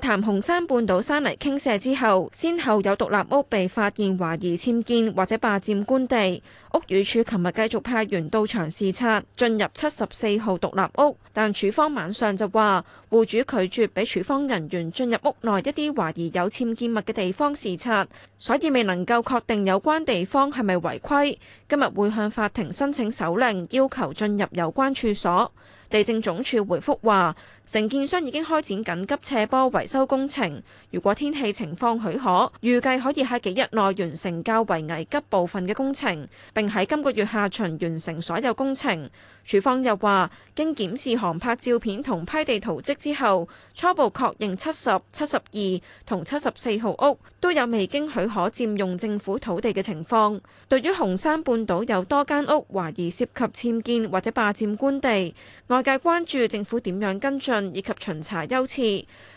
潭紅山半島山泥傾瀉之後，先後有獨立屋被發現懷疑僭建或者霸佔官地，屋宇署琴日繼續派員到場視察，進入七十四號獨立屋，但署方晚上就話，戶主拒絕俾署方人員進入屋內一啲懷疑有僭建物嘅地方視察，所以未能夠確定有關地方係咪違規。今日會向法庭申請手令，要求進入有關處所。地政總署回覆話。承建商已經開展緊急斜坡維修工程，如果天氣情況許可，預計可以喺幾日內完成較為危急部分嘅工程，並喺今個月下旬完成所有工程。署方又話，經檢視航拍照片同批地圖則之後，初步確認七十、七十二同七十四號屋都有未經許可佔用政府土地嘅情況。對於紅山半島有多間屋懷疑涉，涉及僭建或者霸佔官地，外界關注政府點樣跟進。以及巡查優次，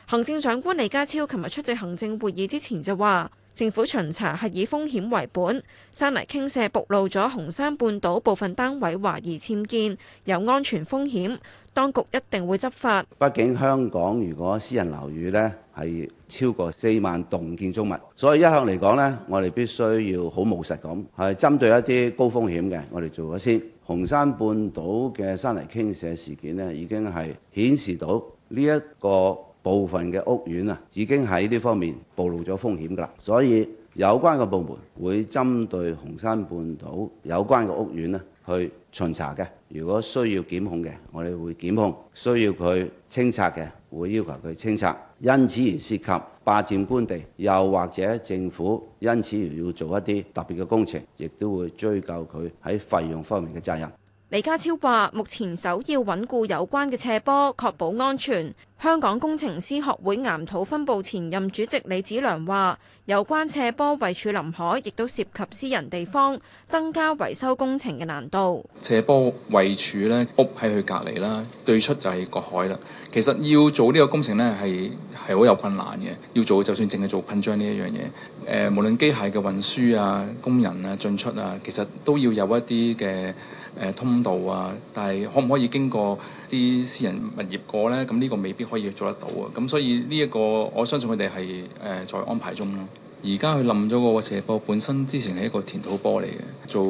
行政長官李家超琴日出席行政會議之前就話。政府巡查係以風險為本，山泥傾瀉暴露咗紅山半島部分單位懷疑僭建，有安全風險，當局一定會執法。畢竟香港如果私人樓宇咧係超過四萬棟建築物，所以一向嚟講咧，我哋必須要好務實咁，係針對一啲高風險嘅，我哋做咗先。紅山半島嘅山泥傾瀉事件咧，已經係顯示到呢一個部分嘅屋苑啊，已經喺呢方面暴露咗風險㗎啦，所以有關嘅部門會針對紅山半島有關嘅屋苑咧去巡查嘅。如果需要檢控嘅，我哋會檢控；需要佢清拆嘅，會要求佢清拆。因此而涉及霸佔官地，又或者政府因此而要做一啲特別嘅工程，亦都會追究佢喺費用方面嘅責任。李家超話：目前首要穩固有關嘅斜坡，確保安全。香港工程師學會岩土分部前任主席李子良話：有關斜坡位處臨海，亦都涉及私人地方，增加維修工程嘅難度。斜坡位處咧，屋喺佢隔籬啦，對出就係個海啦。其實要做呢個工程咧，係係好有困難嘅。要做就算淨係做噴漿呢一樣嘢，誒、呃，無論機械嘅運輸啊、工人啊、進出啊，其實都要有一啲嘅誒通道啊。但係可唔可以經過啲私人物業過咧？咁呢個未必。可以做得到啊！咁所以呢一個，我相信佢哋係誒在安排中咯。而家佢冧咗個斜坡，本身之前係一個填土坡嚟嘅。做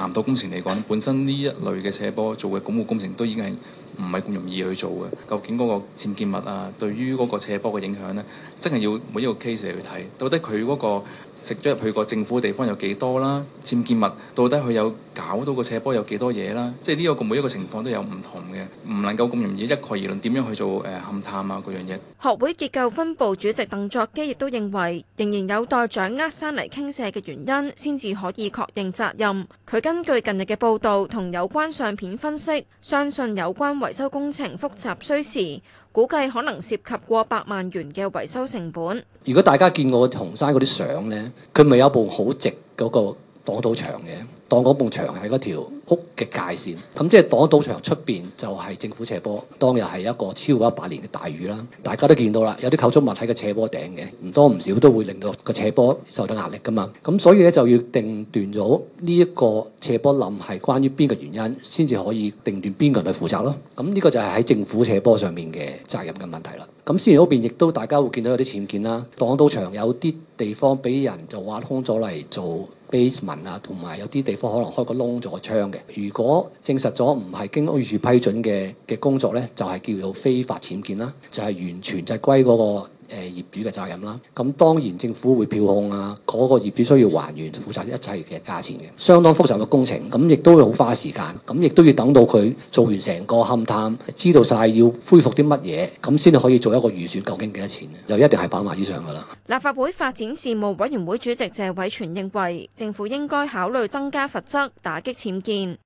岩土工程嚟講，本身呢一類嘅斜坡做嘅鞏固工程都已經係唔係咁容易去做嘅。究竟嗰個僭建物啊，對於嗰個斜坡嘅影響呢，真係要每一個 case 嚟去睇。到底佢嗰個食咗入去個政府地方有幾多啦？僭建物到底佢有？搞到個斜坡有幾多嘢啦？即係呢個每一個情況都有唔同嘅，唔能夠咁容易一概而論。點樣去做誒勘探啊？嗰樣嘢。學會結構分部主席鄧作基亦都認為，仍然有待掌握山泥傾瀉嘅原因，先至可以確認責任。佢根據近日嘅報道同有關相片分析，相信有關維修工程複雜需時，估計可能涉及過百萬元嘅維修成本。如果大家見過紅山嗰啲相呢，佢咪有部好直嗰個擋土牆嘅？當嗰埲牆係嗰條屋嘅界線，咁即係擋土牆出邊就係政府斜坡。當日係一個超過一百年嘅大雨啦，大家都見到啦，有啲構築物喺個斜坡頂嘅，唔多唔少都會令到個斜坡受到壓力噶嘛。咁所以咧就要定斷咗呢一個斜坡冧係關於邊個原因，先至可以定斷邊個人嚟負責咯。咁呢個就係喺政府斜坡上面嘅責任嘅問題啦。咁雖然嗰邊亦都大家會見到有啲僭建啦，擋土牆有啲地方俾人就挖空咗嚟做 basement 啊，同埋有啲地。可能開個窿做個窗嘅，如果證實咗唔係經屋宇批准嘅嘅工作咧，就係叫做非法僭建啦，就係完全就係歸嗰個。誒業主嘅責任啦，咁當然政府會票控啊，嗰個業主需要還原負責一切嘅價錢嘅，相當複雜嘅工程，咁亦都好花時間，咁亦都要等到佢做完成個勘探，知道晒要恢復啲乜嘢，咁先至可以做一個預算，究竟幾多錢，就一定係百萬以上噶啦。立法會發展事務委員會主席謝偉全認為，政府應該考慮增加罰則，打擊僭建。